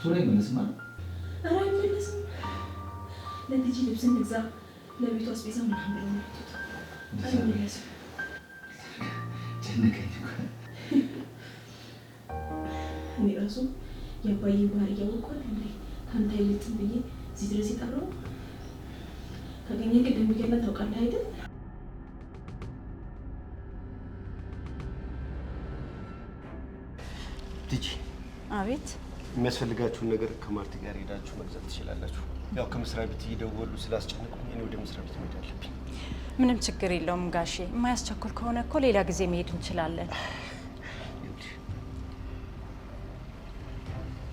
ስቶሪ አይመለስም አይደል? ኧረ አይመለስም። ለልጅ ልብስ እንግዛ፣ ለቤቱ አስቤዛ ምናምን አይመለስም። ጨነቀኝ እኮ እኔ እራሱ የአባዬን ባህሪ እያወቅሁ እንዴ ከአንተ አይበልጥም ብዬ እዚህ ድረስ የጠራው ከገኘ ቅድም የሚገላት ታውቃለህ አይደል? ልጅ አቤት የሚያስፈልጋችሁን ነገር ከማርቲ ጋር ሄዳችሁ መግዛት ትችላላችሁ። ያው ከመስሪያ ቤት እየደወሉ ስላስጨንቁኝ እኔ ወደ መስሪያ ቤት መሄድ አለብኝ። ምንም ችግር የለውም ጋሼ፣ የማያስቸኩል ከሆነ እኮ ሌላ ጊዜ መሄድ እንችላለን።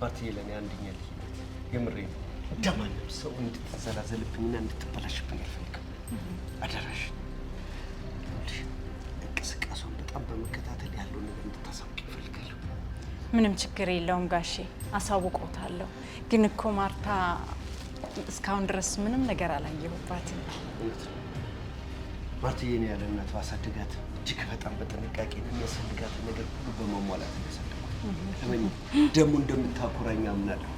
ማርቲ ለኔ አንደኛ ልጅ ናት። የምሬ ነው። ደማንም ሰው እንድትዘላዘልብኝና እንድትበላሽብኝ አልፈልግም። አደራሽ እንቅስቃሴውን በጣም በመከታተል ያለው ነገር እንድታሳውቅ ይፈልጋለሁ። ምንም ችግር የለውም ጋሼ አሳውቆታለሁ። ግን እኮ ማርታ እስካሁን ድረስ ምንም ነገር አላየሁባትም። ማርትዬ ነው ያለ አሳድጋት እጅግ በጣም በጥንቃቄ የሚያስፈልጋት ነገር ሁሉ በማሟላት ያሳድጉ ደግሞ እንደምታኮራኝ አምናለሁ።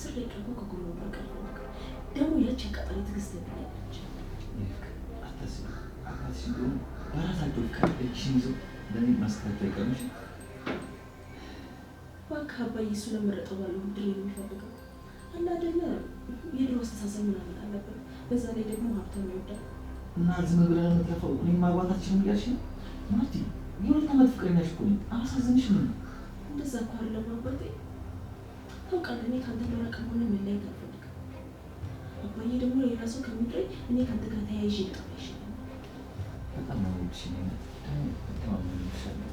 አስር ደቂቃ እኮ ከጎኑ በቀር ደግሞ ያቺ አቃጣሪ ትዕግስት ያለች እባክህ አባዬ። እሱ ለመረጠው ባለው ድል የሚፈልገው እና ደግሞ የድሮ አስተሳሰብ ምናምን አለበት። በዛ ላይ ደግሞ ሀብታም ይወዳል እና ዝም ብለህ የምትለፈው። እኔ ማግባታችን እያልሽ ነው ማርቲ፣ የሁለት ዓመት ፍቅረኛሽ እኮ ነኝ። አላሳዝንሽም? እንደዛ እኮ አይደለም አባቴ ታውቃለህ፣ እኔ ከአንተ ጋር ከሆነ መለያየት አልፈልግም። አባዬ ደግሞ ሌላ ሰው ከሚጥረኝ እኔ ከአንተ ጋር ተያይዤ ልጠፋ ይሻላል። በጣም ነው ሚሽ በጣም ነው ሚሻለሁ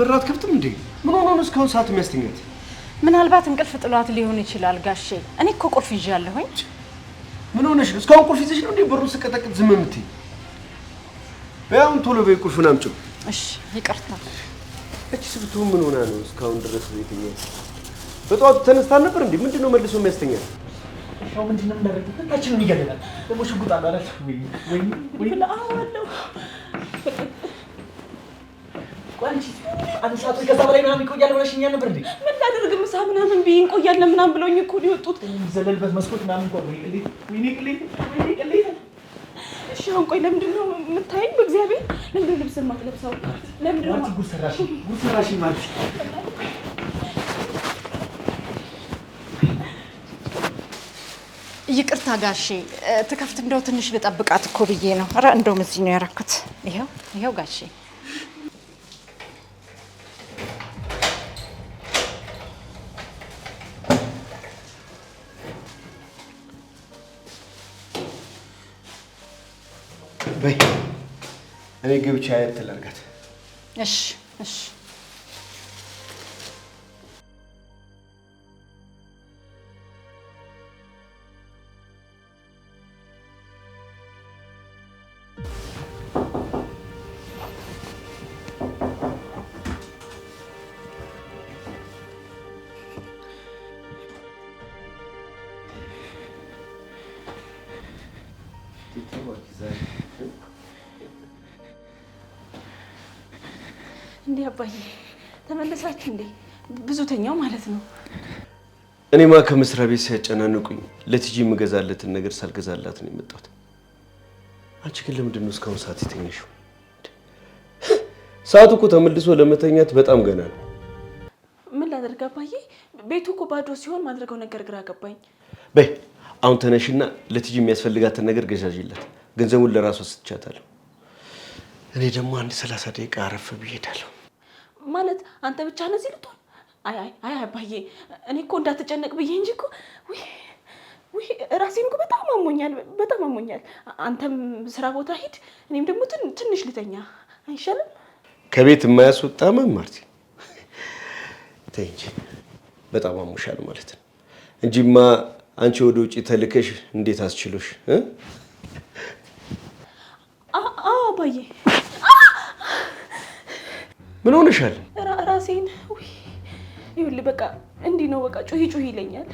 በራት ከፍትም እንዴ? ምን ሆኖ ነው እስካሁን ሰዓት የሚያስተኛት? ምናልባት እንቅልፍ ጥሏት ሊሆን ይችላል ጋሼ። እኔ እኮ ቁልፍ ይዣለሁኝ። ምን ሆነሽ ነው? እስካሁን ቁልፍ ይዘሽ ነው እንዴ በሩን ስቀጠቅጥ ዝም የምትይ? በያውን ቶሎ በይ ቁልፉን አምጪው። እሺ ይቅርታ። እቺ ስብቱ ምን ሆና ነው እስካሁን ድረስ ቤትኛ? በጠዋቱ ተነስታ ነበር እንዴ? ምንድን ነው መልሶ የሚያስተኛት? ሰው ምንድን ነው የሚያደርግበት? ታችንን ይገለናል ደግሞ ሽጉጣ አለ ወይ ወይ ወይ ወይ አንድ ሰዓት ከዛ በላይ ምናምን ይቆያል ብለሽኛ ነበር እንዴ? ምን ላደርግ፣ ምሳ ምናምን ብዬ እንቆያለን ምናምን ብለውኝ እኮ ነው የወጡት። የሚዘለልበት መስኮት ምናምን እሺ አሁን ቆይ፣ ለምንድን ነው የምታይኝ? በእግዚአብሔር ለምንድን ነው ልብስ የማትለብሰው? ለምንድን ነው ጉድ ሰራሽ፣ ጉድ ሰራሽ ማለት ይቅርታ ጋሼ፣ ትከፍት እንደው ትንሽ ልጠብቃት እኮ ብዬ ነው። ኧረ እንደውም እዚህ ነው ያደረኩት። ይኸው ይኸው ጋሼ ገብቻ የትለርጋት እሺ እሺ Tipe bak güzel. እንዴ አባዬ ተመለሳችሁ እንዴ? ብዙተኛው ማለት ነው። እኔማ ከመስሪያ ቤት ሲያጨናንቁኝ ለትጂ የምገዛለትን ነገር ሳልገዛላት ነው የመጣሁት። አንቺ ግን ለምንድን ነው እስካሁን ሰዓት የተኛሽው? ሰዓቱ እኮ ተመልሶ ለመተኛት በጣም ገና ነው። ምን ላደርግ አባዬ፣ ቤቱ እኮ ባዶ ሲሆን ማድረገው ነገር ግራ ገባኝ። በይ አሁን ተነሽና ለትጂ የሚያስፈልጋትን ነገር ገዣዥላት። ገንዘቡን ለራሷ ስትቻታለሁ። እኔ ደግሞ አንድ ሰላሳ ደቂቃ አረፍ ብዬ እሄዳለሁ። ማለት አንተ ብቻ ነዚህ ልትሆን? አይ አይ አባዬ፣ እኔ እኮ እንዳትጨነቅ ብዬ እንጂ እኮ ራሴን እኮ በጣም አሞኛል፣ በጣም አሞኛል። አንተም ስራ ቦታ ሂድ፣ እኔም ደግሞ ትንሽ ልተኛ አይሻልም? ከቤት የማያስወጣ ማርቲ፣ ተይ እንጂ በጣም አሞሻል ማለት ነው እንጂማ አንቺ ወደ ውጭ ተልከሽ እንዴት አስችሎሽ? አዎ አባዬ ምን ሆነሻል? ራሴን ይኸውልህ፣ በቃ እንዲህ ነው። በቃ ጩሂ ጩሂ ይለኛል።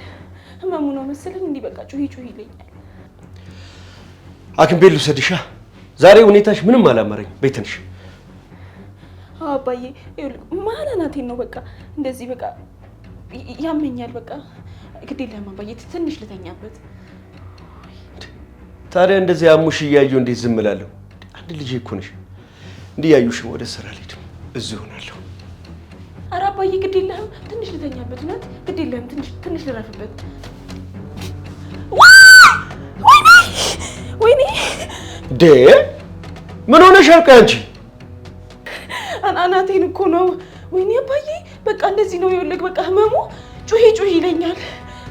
ህመሙ ነው መሰለኝ። እንዲህ በቃ ጩሂ ጩሂ ይለኛል። ሐኪም ቤት ልውሰድሻ። ዛሬ ሁኔታሽ ምንም አላመረኝ። ቤትንሽ አባዬ፣ ይኸውልህ መሀል ነው በቃ እንደዚህ በቃ ያመኛል። በቃ ግድ የለም አባዬ፣ ትንሽ ልተኛበት። ታዲያ እንደዚህ አሙሽ እያየሁ እንዴት ዝም እላለሁ? አንድ ልጄ እኮ ነሽ። እንዲህ ያዩሽም ወደ ስራ ልሂድ እዚሁ እሆናለሁ። ኧረ አባዬ ግድ የለህም፣ ትንሽ ልተኛበት። እውነት ግድ የለህም፣ ትንሽ ልረፍበት። ወይኔ ዴ ምን ሆነሽ አልከኝ? አንቺ አናቴን እኮ ነው። ወይኔ አባዬ በቃ እንደዚህ ነው የወለግ በቃ ህመሙ ጩሂ ጩሂ ይለኛል።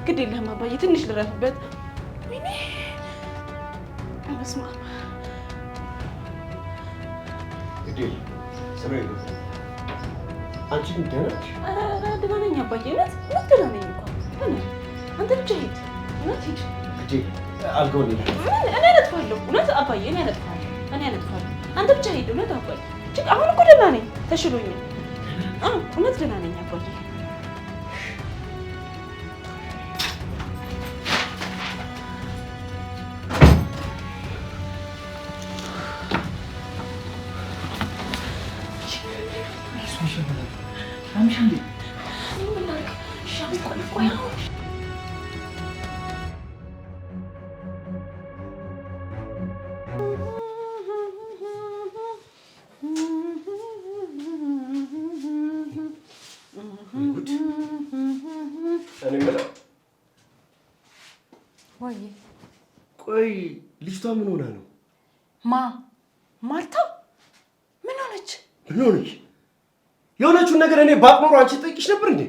ግድ የለህም አባዬ ትንሽ ልረፍበት። ወይኔ መስማ አንቺ ግን ደህና ነሽ? ደህና ነኝ አባዬ። እውነት እውነት ደህና ነኝ እኮ አንተ ብቻ ሂድ። እውነት ሂድ እንጂ አልገውን ሄድ። እኔ አነጥፋለሁ። እውነት አባዬ፣ እኔ አነጥፋለሁ። እኔ አነጥፋለሁ። አንተ ብቻ ሂድ። እውነት አባዬ፣ አሁን እኮ ደህና ነኝ፣ ተሽሎኛል። እውነት ደህና ነኝ አባዬ ቆይ ልጅቷ ምን ሆና ነው? ማ ማርታ ምን ሆነች? ምን ሆነች? የሆነችውን ነገር እኔ በአቅመሩ አንቺ ጠይቅሽ ነበር እንዴ?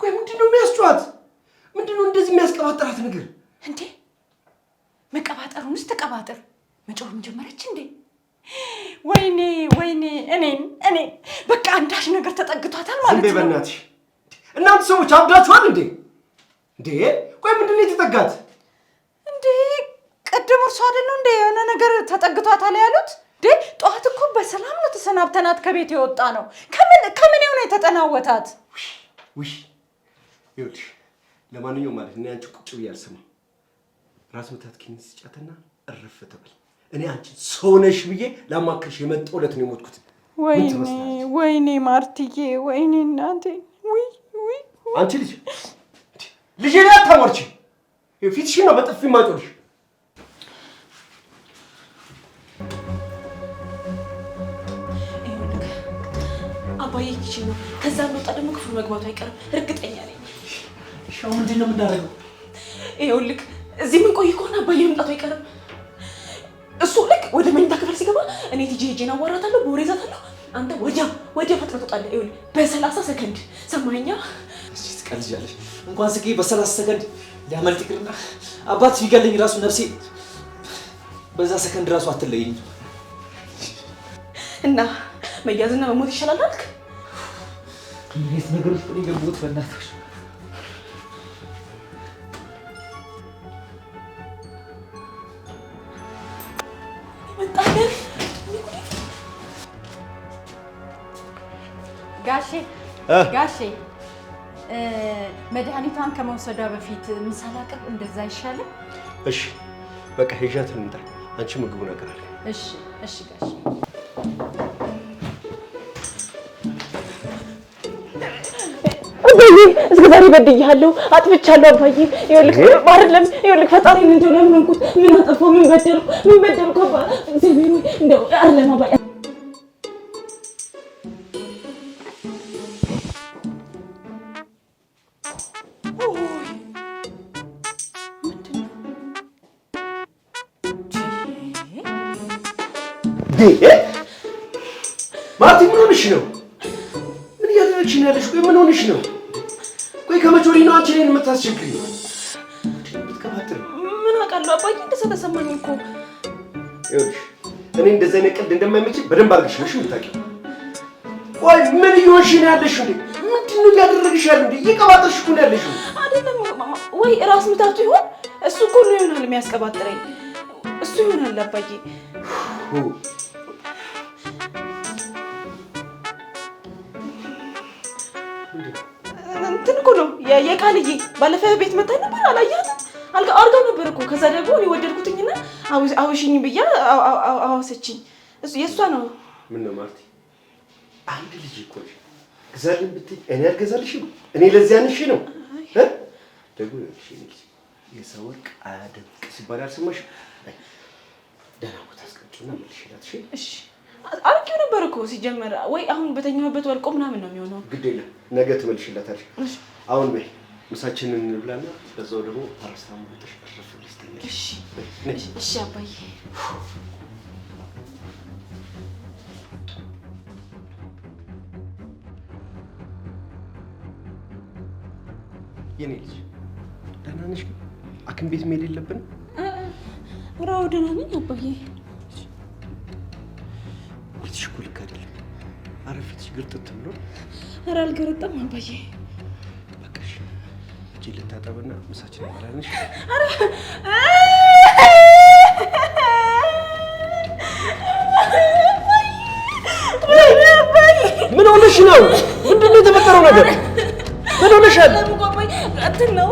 ቆይ ምንድነው የሚያስጨዋት? ምንድነው እንደዚህ የሚያስቀባጥራት ነገር እንዴ? መቀባጠሩንስ ተቀባጠር መጮር ጀመረች እንዴ? ወይኔ ወይኔ፣ እኔን እኔ በቃ አንዳች ነገር ተጠግቷታል ማለት ነው። በእናትሽ እናንተ ሰዎች አብዳችኋል እንዴ? እንዴ ቆይ ምንድነው የተጠጋት? ቅድም እርሱ አይደሉ እንደ የሆነ ነገር ተጠግቷታል ያሉት? ጠዋት እኮ በሰላም ነው ተሰናብተናት ከቤት የወጣ ነው። ከምን ከምን የሆነ የተጠናወታት ይኸውልሽ። ለማንኛውም ማለት እኔ አንቺ ቁጭ ብዬ አልሰማም። ራስ ምታት ኪኒን ስጫትና እርፍ ትበል። እኔ አንቺ ሰው ብዬ ላማክርሽ የመጣሁ ዕለት ነው የሞትኩት። ወይኔ ወይኔ ማርትዬ፣ ወይኔ እናቴ። አንቺ ልጅ ልጅ ላይ አታሟርቺ። ፊትሽን ነው በጥፊ ማጮልሽ አባዬ ኪችን ነው። ከዛ እንደወጣ ደግሞ ክፍሉ መግባቱ አይቀርም እርግጠኛ ነኝ። ሻው ምንድን ነው የምናደርገው? ይኸው ልክ እዚህ ምን ቆይ ከሆነ አባዬ መምጣቱ አይቀርም። እሱ ልክ ወደ መኝታ ክፍል ሲገባ እኔ ቲጂ ሄጄን አዋራታለሁ፣ በወሬ እዛታለሁ። አንተ ወዲያ ወዲያ ፈጥነህ ትወጣለህ። ይኸውልህ በሰላሳ ሰከንድ ሰማኸኛ? ትቀልጃለሽ። እንኳን ስቄ በሰላሳ ሰከንድ ሊያመልጥ ይቅርና አባት ቢገለኝ ራሱ ነፍሴ በዛ ሰከንድ ራሱ አትለየኝ እና መያዝና መሞት ይሻላል አልክ። እንዴት ነገር ውስጥ ነው የገቡት? በእናቶች ጋሼ ጋሼ መድኃኒቷን ከመውሰዷ በፊት ምሳ ላቅርብ፣ እንደዛ አይሻልም? እሺ በቃ ሂጃት እንምጣ። አንቺ ምግቡ ነገር አለ። እሺ እሺ ጋሼ እኔ እስከ ዛሬ በድያለሁ፣ አጥፍቻለሁ። አባዬ ይኸውልህ፣ አይደለም ይኸውልህ፣ ፈጣሪን እንደው ለመንኩት። ምን አጠፋሁ? ምን በደልኩ? ምን በደልኩ? አባ እግዚአብሔር እንደው አይደለም አባዬ ይሄ አታስቸግሪኝ። ምን አውቃለሁ አባዬ፣ እንደሰለሰማኝ እኮ ይኸውልሽ፣ እኔ እንደዚህ አይነት ቀልድ እንደማይመችል በደንብ አድርገሽ ነሽ የምታውቂው። ቆይ ምን እየሆንሽ ነው ያለሽው? ምንድን ነው እያደረግሽ ያለ? እየቀባጠርሽ እኮ ነው ያለሽው። አይደለም ወይ ራስ ምታቱ ይሆን? እሱ እኮ ነው ይሆናል የሚያስቀባጥረኝ፣ እሱ ይሆናል አባዬ የቃልዬ ባለፈ ቤት መታ ነበር አላያት አልጋ አድርጋው ነበር እኮ ከዛ ደግሞ እኔ ወደድኩትኝና አውሽኝ ብያ አዋሰችኝ። እሱ የእሷ ነው። ምን ነው ማርቲ፣ አንድ ልጅ እኮ ግዛልን ብትይ እኔ አልገዛልሽም። እኔ ለዚያ ንሽ ነው ደግሞ የሰው ወርቅ አያደምቅ ሲባል አልሰማሽም? ደህና ቦታ አስቀምጪና መልሽላት። እሺ አርኪው ነበር እኮ ሲጀመር። ወይ አሁን በተኛበት ወልቆ ምናምን ነው የሚሆነው። ግድ የለም ነገ ትመልሽላታለሽ። አሁን በይ ምሳችንን እንብላና በዛው ደግሞ ፓራሲታሞል ተሽከረፍ ልስተኛ። እሺ እሺ አባዬ የኔ ልጅ ደህና ነሽ? ግን ቤት መሄድ የለብን ኧረ አዎ ደህና ነኝ አባዬ። ፊትሽ እኮ ልክ አይደለም። ኧረ ፊትሽ ግርጥት ብሎ። ኧረ አልገረጠም አባዬ እጄን ልታጠብና ምሳችን ይባላል። ምን ሆነሽ ነው? ምንድን ነው የተፈጠረው ነገር? ምን ሆነሻል? እንትን ነው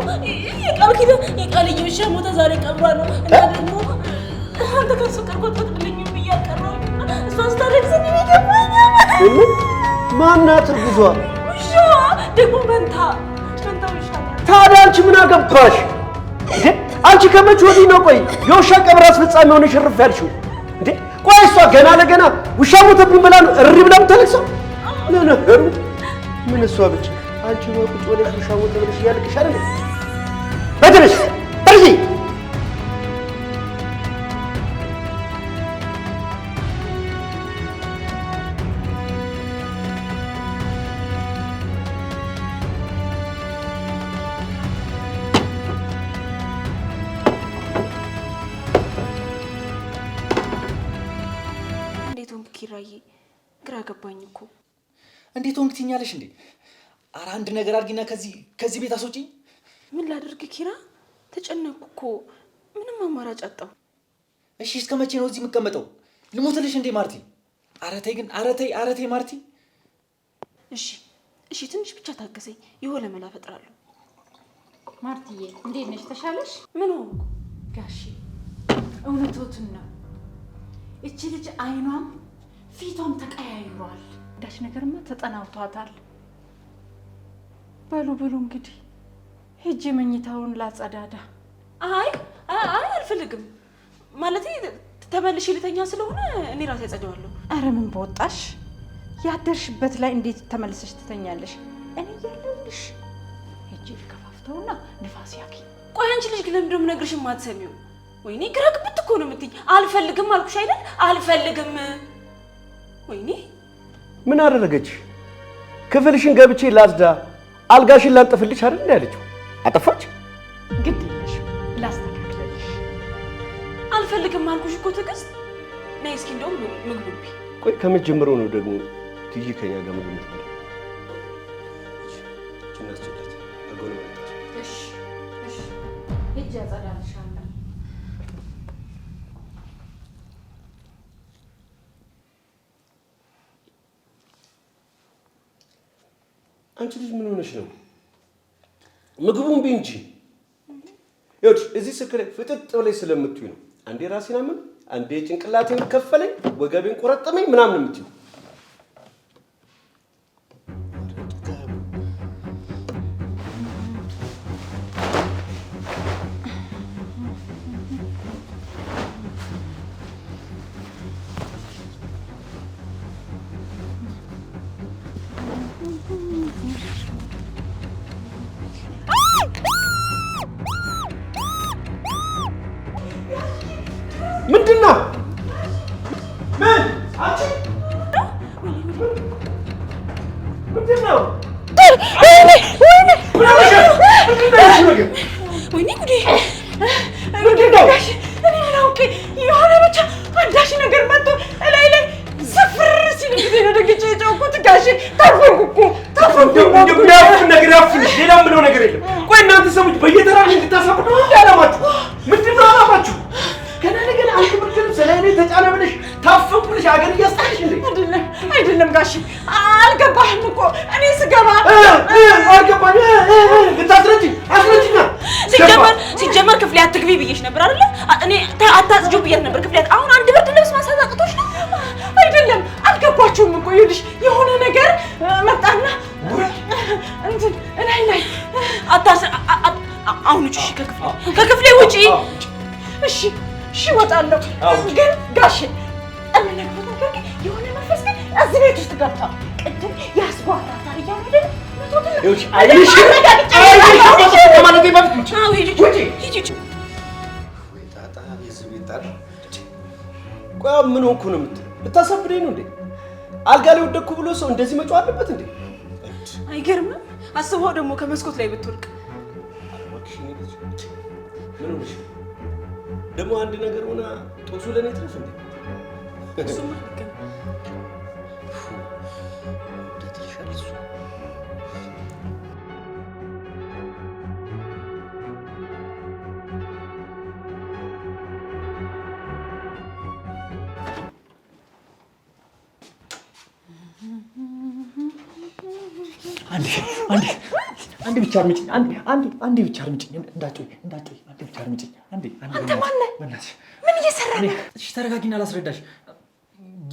የቃል የቃል ሞተ ዛሬ ነው እና ደግሞ አንተ ከሱ ነው ማናት እርጉዟ ደግሞ መንታ መንታ ውሻ ታዲያ አንቺ ምን አገባሽ? አንቺ ከመች ወዲህ ነው ቆይ የውሻ ቀብር አስፈጻሚ ሆነሽ እርፍ ያልሽው? እንዴ ቆይ እሷ ገና ለገና ውሻ ሞተብኝ ብላ ነው እሪ ብላ የምታለቅሰው? ለነገሩ ምን እሷ ብቻ አንቺ ነው ቁጭ ብለሽ ውሻ ሞተ እያለቅሽ አይደል? በድረሽ በርዚ ገባኝ እኮ። እንዴት ሆንክ ትኛለሽ እንዴ? አረ አንድ ነገር አድርጊና ከዚህ ከዚህ ቤት አስወጪኝ። ምን ላድርግ ኪራ? ተጨነቅኩ እኮ ምንም አማራጭ አጣው እሺ እስከ መቼ ነው እዚህ የምቀመጠው? ልሞትልሽ እንዴ ማርቲ? አረተይ ግን አረተይ አረተይ ማርቲ። እሺ እሺ ትንሽ ብቻ ታገሰኝ፣ የሆነ መላ እፈጥራለሁ። ማርቲዬ እንዴት ነሽ? ተሻለሽ? ምን ሆንኩ ጋሼ? እውነቶትን ነው እቺ ልጅ አይኗም ፊቷም ተቀያይሯል። ዳሽ ነገርማ ተጠናውቷታል። በሉ በሉ እንግዲህ ሄጄ መኝታውን ላጸዳዳ። አይ አይ አልፈልግም ማለት ተመልሼ ልተኛ ስለሆነ እኔ ራሴ አጸዳዋለሁ። አረ ምን በወጣሽ ያደርሽበት ላይ እንዴት ተመልሰሽ ትተኛለሽ? እኔ እያለሁልሽ ሄጄ ልከፋፍተውና ንፋስ ያኪ። ቆይ አንቺ ልጅ ግን ለምንድነው የምነግርሽ የማትሰሚው? ወይኔ ግራ ግብት እኮ ነው የምትይኝ። አልፈልግም አልኩሽ አይደል? አልፈልግም ወይኔ ምን አደረገች? ክፍልሽን ገብቼ ላጽዳ፣ አልጋሽን ላንጥፍልሽ አይደል ያለችው። አጠፋች። ግድ የለሽ ላስተካክለልሽ። አልፈልግም አልኩሽ እኮ ትዕግስት። ነይ እስኪ እንደውም ምግቡ ቆይ፣ ከመቼ ጀምሮ ነው ደግሞ ትይ ከኛ ጋር ምግብ ምትበላ? እሺ እሺ አንቺ ልጅ ምን ሆነሽ ነው? ምግቡን ቢ እንጂ ይኸውልሽ፣ እዚህ ስልክ ላይ ፍጥጥ ብለሽ ስለምትዩ ነው። አንዴ ራሴን አመመኝ፣ አንዴ ጭንቅላቴን ከፈለኝ፣ ወገቤን ቆረጠመኝ ምናምን የምትዩ ወይኔ ጉዴ! እኔ ምን አውቄ የሆነ ብቻ አንዳሽ ነገር መጥቶ እላይ ላይ ስፍር ሲል ጊዜ ነደግጭ የጫውኩት ጋሽ ታፈንኩ እኮ ታፈንኩ። ነገር ያፍንሽ፣ ሌላ ምለው ነገር የለም። ቆይ እናንተ ሰዎች በየተራ እንድታሳቁ ነው አላማችሁ? ምንድን ነው አላማችሁ? ገና ነገር አንድ ብርድ ልብስ ላይ ተጫነ ብለሽ ታፈንኩ አገር እያስጠልሽ እንዴ? አይደለም አይደለም ጋሽ አልገባህም እኮ እኔ ስገባ አልገባኝ። ልታስረጂ አስረጂና ሲጀመር ሲጀመር ክፍሌ አትግቢ ብዬሽ ነበር አይደለ? እኔ አታጽጁ ብያት ነበር ክፍሌ። አሁን አንድ ብርድ ልብስ ማሳት አቅቶሽ ነው አይደለም? አልገባችሁም እኮ ይኸውልሽ፣ የሆነ ነገር መጣና እንትን ላይ ላይ አታስ አሁን ውጪ። ከክፍሌ ከክፍሌ ውጪ። እሺ እሺ እወጣለሁ ግን ጋሽ እዚህ ቤት ውስጥ ገብታ ቅድም ያስጓራታል እያለ ምን ሆንኩ ነው የምትለው? ልታሳብደኝ ነው እንዴ? አልጋ ላይ ወደኩ ብሎ ሰው እንደዚህ መጫወት አለበት እንዴ? አይገርምም? አስበው ደግሞ ከመስኮት ላይ ብትወልቅ ደግሞ አንድ ነገር ሆና ጦሱ ለኔ ትረፍ እንዴ? አንዴ ብቻ አድምጪኝ። አንዴ ብቻ አድምጪኝ። እንዳትጮይ እንዳትጮይ። አንዴ ብቻ አድምጪኝ። አንዴ አንተ ማነህ? ምን እየሰራ ነው? እሺ ተረጋጊና ላስረዳሽ።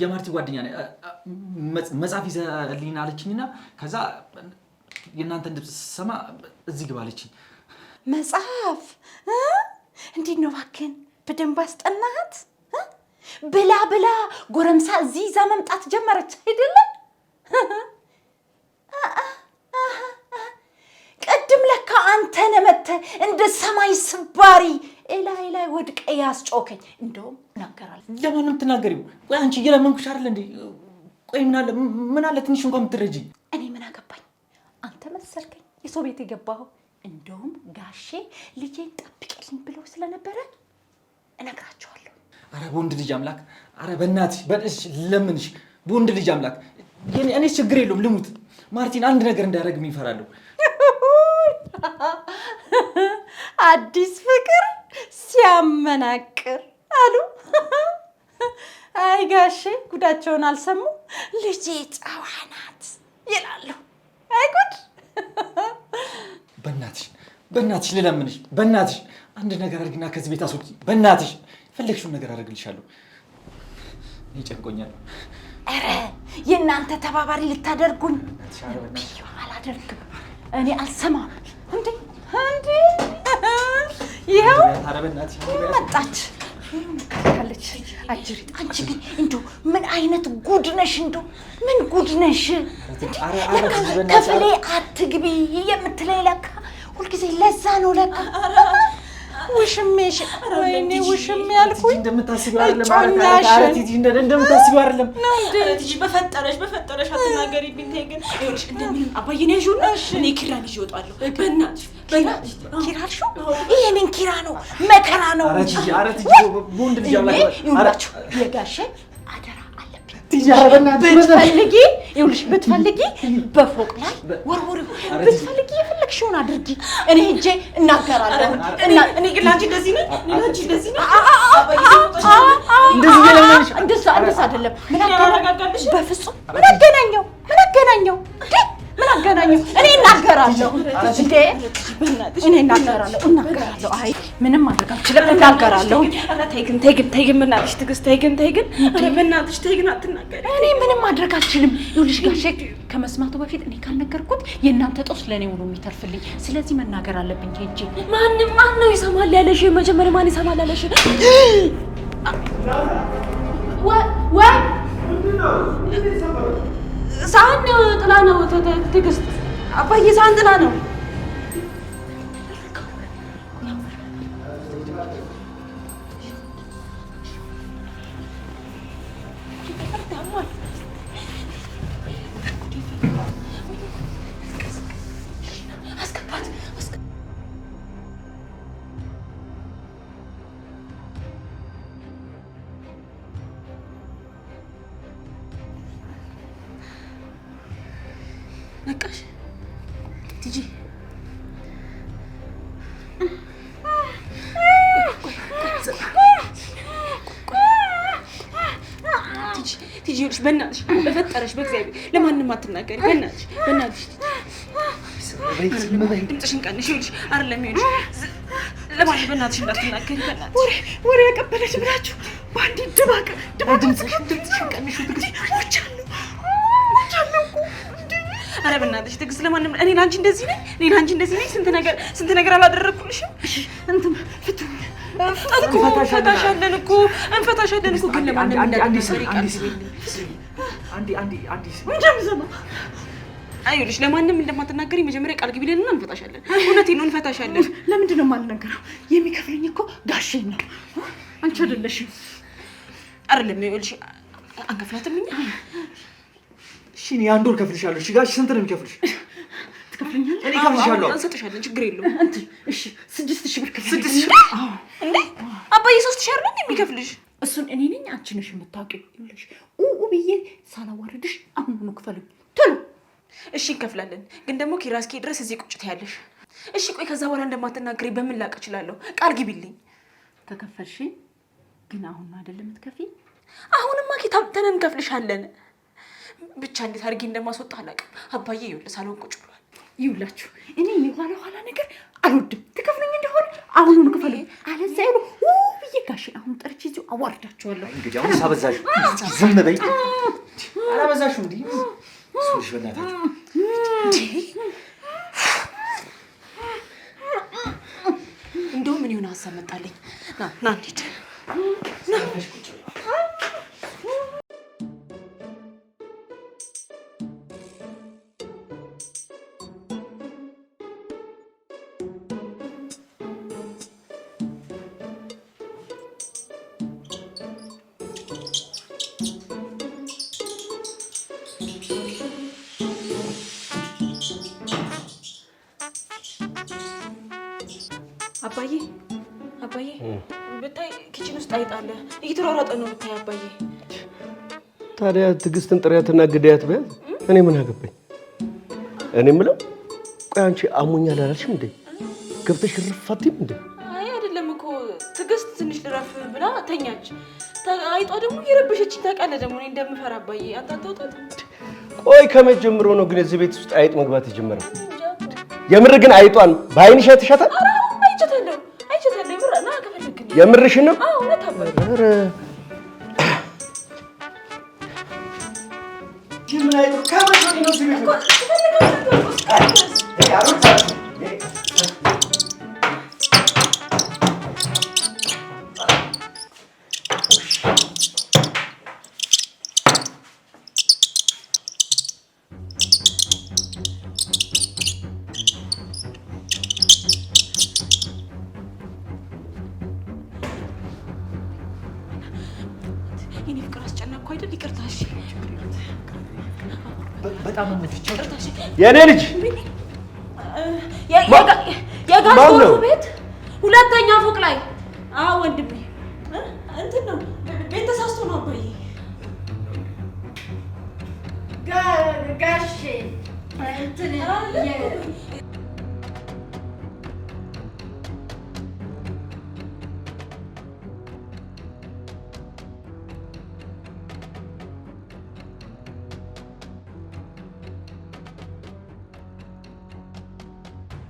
የማርቲ ጓደኛ ነኝ። መጽሐፍ ይዘህልኝ አለችኝና ከዛ የእናንተን ድምፅ ስሰማ እዚህ ግባ አለችኝ። መጽሐፍ እንዴት ነው እባክህን? በደንብ አስጠናሃት? ብላ ብላ ጎረምሳ እዚህ ይዛ መምጣት ጀመረች አይደለም አንተን መተ እንደ ሰማይ ስባሪ ኤላይ ላይ ወድቀ ያስጮከኝ። እንደውም እናገራለሁ። ለማን የምትናገሪው? ቆይ አንቺ እየለመንኩሽ አይደል እንዴ? ቆይ ምን አለ ምን አለ ትንሽ እንኳን ምትረጂ። እኔ ምን አገባኝ? አንተ መሰልከኝ የሰው ቤት የገባኸው? እንደውም ጋሼ ልጄን ጠብቅልኝ ብለው ስለነበረ እነግራቸዋለሁ። አረ በወንድ ልጅ አምላክ፣ አረ በእናትሽ በእሽ ለምንሽ፣ በወንድ ልጅ አምላክ። እኔ ችግር የለውም ልሙት። ማርቲን አንድ ነገር እንዳያደርግ ይፈራለሁ አዲስ ፍቅር ሲያመናቅር አሉ። አይ ጋሼ ጉዳቸውን አልሰሙ። ልጄ ጨዋ ናት ይላሉ። አይ ጉድ! በእናትሽ በእናትሽ ልለምንሽ፣ በእናትሽ አንድ ነገር አድርግና ከዚህ ቤት አስወጪ። በእናትሽ ፈለግሽውን ነገር አደርግልሻለሁ። ይጨንቆኛል። ኧረ የእናንተ ተባባሪ ልታደርጉኝ? አላደርግም እኔ አልሰማም። ይኸው መጣች ካለች አንቺ ግን እንደው ምን አይነት ጉድ ነሽ? እንደው ምን ጉድ ነሽ? ክፍሌ አትግቢ የምትለኝ ለካ ሁልጊዜ ለዛ ነው ለካ ውሽሜሽ ወይኔ ውሽሜ ያልኩኝ እንደምታስቢው አይደለም። በፈጠረሽ በፈጠረሽ አትናገሪብኝ። ተይ ግን ይኸውልሽ፣ እንደምንም አባዬን ያዥው እና እኔ ኪራን ይዤ እወጣለሁ። በእናትሽ በእናትሽ ኪራ አልሽው? ይሄንን ኪራ ነው መከራ ነው። ይኸውላችሁ የጋሼ ብትፈልጊ ይኸውልሽ፣ ብትፈልጊ በፎቅ ላይ ወርወሪ፣ ብትፈልጊ የፈለግሽውን አድርጊ። እኔ ሂጄ እናገራለሁ። እኔ ለአንቺ እንደዚህ እንደዚህ ነኝ። ምን አገናኘው? ምን አገናኘው? ምን አገናኙ? እኔ እናገራለሁ፣ እኔ እናገራለሁ፣ እናገራለሁ። አይ ምንም ማድረግ አልችልም፣ እናገራለሁ። ተይግን ተይግን ተይግን፣ በእናትሽ ትዕግስት፣ ተይግን ተይግን፣ በእናትሽ ተይግን፣ አትናገሪ። እኔ ምንም ማድረግ አልችልም። ይኸውልሽ ጋሼ ከመስማቱ በፊት እኔ ካልነገርኩት የእናንተ ጦስ ለእኔ ሆኖ የሚተርፍልኝ፣ ስለዚህ መናገር አለብኝ። ሄጄ ማንም ማን ነው ይሰማል ያለሽ? መጀመሪያ ማን ይሰማል ያለሽ? ወይ ወይ ሳህን ጥላ ነው። ትዕግስት አባዬ፣ ሳህን ጥላ ነው። በፈጠረሽ በእግዚአብሔር ለማንም አትናገሪ። በእናትሽ በእናትሽ ድምፅሽን ቀንሽ። ይኸውልሽ አይደለም ይኸውልሽ፣ ለማንም በእናትሽ እንዳትናገሪ። በእናትሽ ወሬ ያቀበለች ብላችሁ በአንዴ ድባቅ ድባ ድምፅሽን ቀንሽ። ሞቻለሁ ሞቻለሁ እኮ ኧረ በእናትሽ ትዕግስት፣ ለማንም እኔ ለአንቺ እንደዚህ ነኝ፣ እኔ ለአንቺ እንደዚህ ነኝ። ስንት ነገር ስንት ነገር አላደረግኩልሽም። እንትን ፍትህ እኮ እንፈታሻለን እኮ እንፈታሻለን እኮ ግን ለማንም እንዳትናገሪ ቀንሽ። ይኸውልሽ ለማንም እንደማትናገሪ መጀመሪያ ቃል ግቢልን እና እንፈታሻለን። እውነቴን ነው እንፈታሻለን። ለምንድን ነው የማልነገረው? የሚከፍለኝ እኮ ጋሼን ነው፣ አንቺ አይደለሽም። አይደለም ይኸውልሽ አንከፍላትም እኛ። እሺ እኔ አንድ ወር ከፍልሻለሁ። እሺ ጋሽ ስንት ነው የሚከፍልሽ? እኔ ከፍልሻለሁ፣ እንሰጥሻለን። ችግር የለውም። እሺ ስድስት ሺህ ብር ስድስት ሺህ ብር እንዴ አባዬ፣ ሶስት ሺህ የሚከፍልሽ? እሱን እኔ ነኝ አንቺ ነሽ የምታውቂው። ይኸውልሽ ኡ ብዬ ሳላዋርድሽ አሁን ሆኖ ክፈልም ቶሎ። እሺ እንከፍላለን፣ ግን ደግሞ ኪራስኬ ድረስ እዚህ ቁጭት ያለሽ። እሺ ቆይ፣ ከዛ በኋላ እንደማትናገሪ በምን ላቅ እችላለሁ? ቃል ግቢልኝ። ተከፈልሽ፣ ግን አሁን አይደለም የምትከፊ። አሁንማ ኪታብተንም ከፍልሻለን። ብቻ እንዴት አድርጌ እንደማስወጣ አላውቅም። አባዬ ይኸውልህ ሳሎን ቁጭ ብሏል። ይውላችሁ እኔ የኋላ ኋላ ነገር አልወድም። ትከፍለኝ እንደሆነ አሁኑን ክፈል፣ አለዚያ ይሉ ብዬ ጋሽን አሁን ጠርቼ እዚሁ አዋርዳቸዋለሁ። እንግዲህ አሁን ሳበዛሽ ዝም በይ። አላበዛሽም እንዲህ ሱሽ በእናታችሁ እንደውም ምን ይሆን ሀሳብ መጣለኝ። ና ና እንሂድ ና ታዲያ ትዕግስትን ጥሪያትና ግዳያት በያዝ እኔ ምን አገባኝ? እኔ የምለው ቆይ አንቺ አሞኛል አላልሽም እንዴ? ገብተሽ ርፋትም እንዴ? አይ አይደለም እኮ ትዕግስት ትንሽ ልረፍ ብላ ተኛች። አይጧ ደግሞ እየረበሸችኝ ታውቃለህ። ደግሞ እኔ እንደምፈራ አባዬ አታታውጣት። ቆይ ከመቼ ጀምሮ ነው ግን እዚህ ቤት ውስጥ አይጥ መግባት የጀመረው? የምር ግን አይጧን በአይንሽ አይተሻታል? አይቻታለሁ፣ አይቻታለሁ። የምርሽንም? አዎ እውነት አባዬ no sirve. በጣም ነው የምትቸው። የእኔ ልጅ የጋሽ ቤት ሁለተኛ ፎቅ ላይ